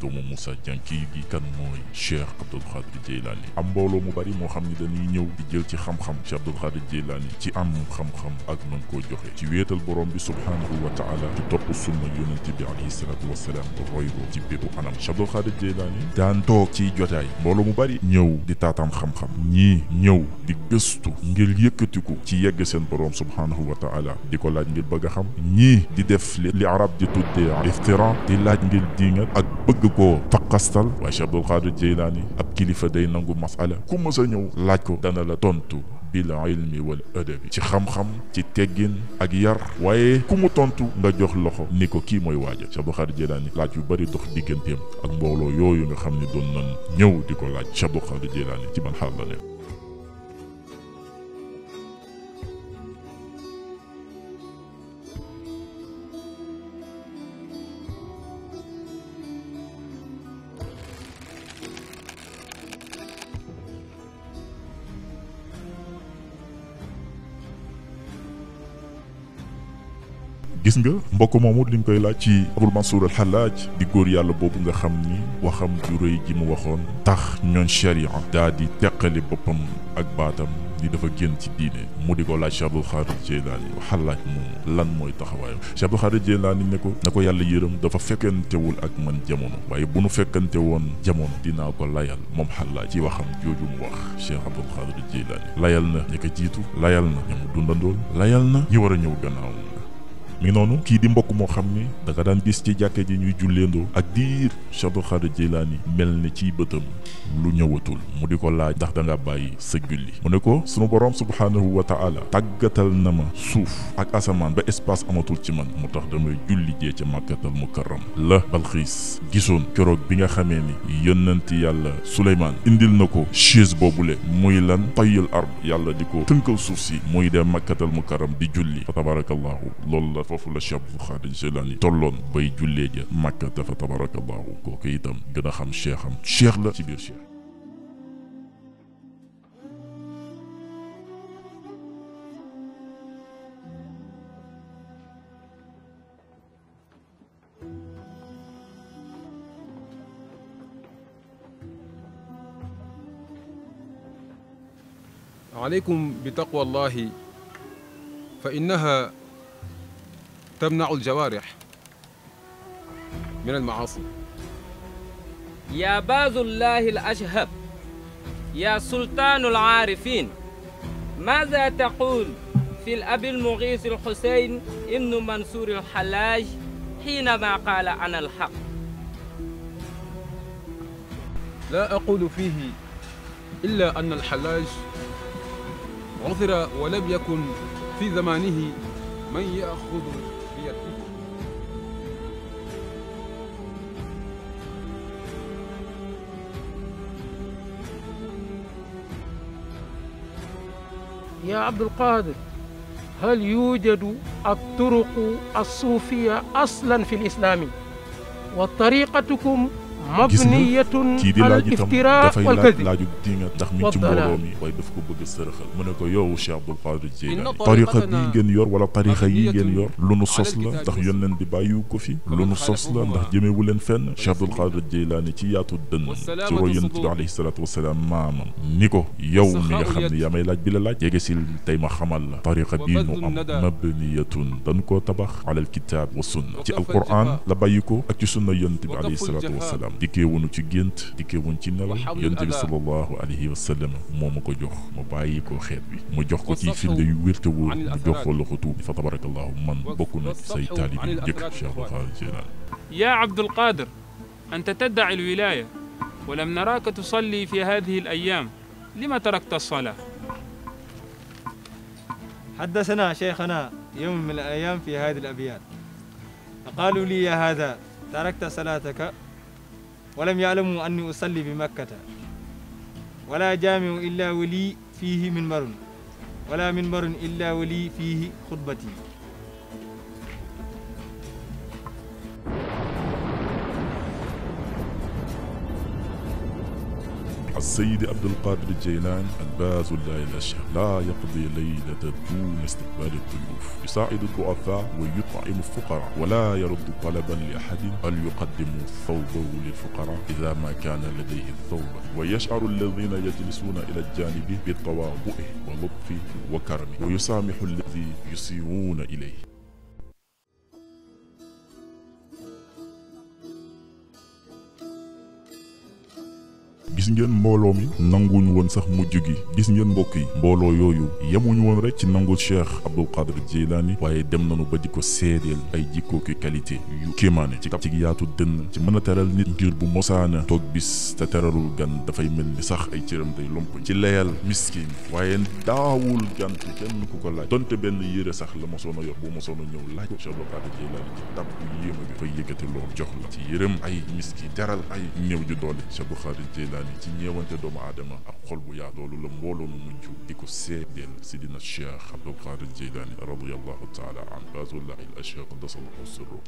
doomu Moussa Dianky gi kan moy Cheikh Abdoul Khadir Jilani am mbooloo mu bari mo xamni dañuy ñëw di jël ci xam-xam Cheikh Abdoul Khadir Jilani ci am xam-xam ak mën ko joxe ci wétal borom bi subhanahu wa taala ci top sunna yonente bi alayhi salaatu wasalaam roy ko ci bëbu anam Cheikh Abdoul Khadir Jilani daan toog ci jotay mbooloo mu bari ñëw di tatam xam-xam ñi ñëw di gëstu ngir yëkkatiku ci yegg seen borom subhanahu wa taala diko laaj ngir bëgg xam ñi di def li arab di tuddé iftira di laaj ngir diingat ak bëgg bëgg koo faqastal waaye Cheikh Abdul Qadir Jeylaani ab kilifa day nangu masala ku mës a ñëw laaj ko dana la tontu bil ilmi wal adabi ci xam-xam ci teggin ak yar waaye ku mu tontu nga jox loxo ni ko kii mooy waaja Cheikh Abdul Qadir Jeylaani laaj yu bëri dox digganteem ak mbooloo yooyu nga xam ne doon nan ñëw di ko laaj Cheikh Abdul Jeylaani ci ban xaal la ne gis nga mbokk moomu li ñu koy laaj ci Abul Mansour al di góor yàlla boobu nga xam ni waxam ju ji mu waxoon tax ñoon charia daa di teqali boppam ak baatam ni dafa génn ci diine mu di ko laaj Cheikh Abdul Xaadir Jeylaani Hallaj moom lan mooy taxawaayam Cheikh Abdul Xaadir ne ko na ko yàlla yërëm dafa fekkantewul ak man jamono waaye bu nu fekkante woon jamono dinaa ko layal moom Hallaj ci waxam jooju mu wax Cheikh Abdul Xaadir Jeylaani layal na ñi ko jiitu layal na ñi mu dundandool layal na war a ñëw gannaaw mi noonu kii di mbok mo xamni da nga dan gis ci jàkke ji ñuy julleendoo ak dir Cheikh Xaadir jilani melni ci bëtam lu ñëwatul mu diko laaj ndax da nga bàyyi sa julli mu ne ko sunu borom subhanahu wa taala tagatal nama ma suuf ak asaman ba espace amatul ci man mu tax damay julli jee ca màkkatal mukarram la balxiis gisoon kërok bi nga xamé ni yónnanti yàlla suleyman indil nako chez bobule muy lan tayul ard yàlla diko ko tënkal suuf si muy dem màkkatal mukarram di julli tabarakallah lol la fofu la cheikh bu xaadir jilani tolon bay julle ja màkka dafa tabarakallahu kooku itam gën a xam cheikham cheikh la ci bir cheikh عليكم بتقوى الله فإنها تمنع الجوارح من المعاصي يا باز الله الأشهب يا سلطان العارفين ماذا تقول في الأب المغيث الحسين ابن منصور الحلاج حينما قال أنا الحق لا أقول فيه إلا أن الحلاج عثر ولم يكن في زمانه من يأخذ يا عبد القادر هل يوجد الطرق الصوفية أصلا في الإسلام وطريقتكم مبنية على الافتراء والكذب منك يو شيخ عبد القادر الجيلاني طريقة بيجن يور ولا طريقة يجن يور لونو صصلة ده دي بايو كوفي لونو صصلة ده جمي ولن فن شيخ عبد القادر الجيلاني تي ياتو الدن تروي ينتبع عليه الصلاة والسلام مام نيكو يو ميغا خمد يا ميلاج بلا لاج يجسي التايمة خمال طريقة بينو أم مبنية دنكو تبخ على الكتاب والسنة تي القرآن لبايكو أكي سنة ينتبع عليه الصلاة dikkeewunu ci gént dikkeewun ci nelaw yonent bi sallallahu alayhi wa sallam moo ma ko jox ma bàyyi ko xeet bi mu jox ko ci firnde yu wérte wóor mu jox ko loxo tuub fa tabarakallahu man bokk na ci say taalibi bu njëkk Cheikh Abdul Qadir Jilani يا عبد القادر أنت تدعي الولاية ولم نراك تصلي في هذه الأيام لما تركت الصلاة؟ حدثنا شيخنا يوم من الأيام في هذه الأبيات فقالوا لي يا هذا تركت صلاتك ولم يعلموا أني أصلي بمكة ولا جامع إلا ولي فيه منبر ولا منبر إلا ولي فيه خطبتي السيد عبد القادر الجيلان الباز الله الأشهر لا يقضي ليلة دون استقبال الضيوف يساعد الضعفاء ويطعم الفقراء ولا يرد طلبا لأحد بل يقدم ثوبه للفقراء إذا ما كان لديه الثوب ويشعر الذين يجلسون إلى الجانب بتواضعه ولطفه وكرمه ويسامح الذي يسيئون إليه gis mbooloo mi nanguñu woon sax mujj gi gis ngeen mbokk yi mbooloo yooyu yemuñu woon rek ci nangu Cheikh Abdul Qadir Jeylaani waaye dem nañu ba di ko seedeel ay jikkooki qualité yu kéemaane ci kap ci yaatu dënn ci mën a teral nit ngir bu mosaana toog bis te teralul gan dafay mel ni sax ay cëram day lomp ci leyal miskin waaye daawul gant kenn ku ko laaj donte benn yére sax la mosoon a yor bu mosoon a ñëw laaj ko Cheikh Abdul Qadir Jeylaani ci dab bu yéema bi fay yëkkati loolu jox la ci yërëm ay miski teral ay néew ju doole Cheikh Abdul Qadir Jeylaani ci ñeewante doomu aadama ak xol bu yaatu loolu la mbooloo mu mujj di ko seedeel sidina Cheikh Abdul Qadir Jeylaani radiyallahu taala an baatullahi al ashaq qaddasallahu sirruhu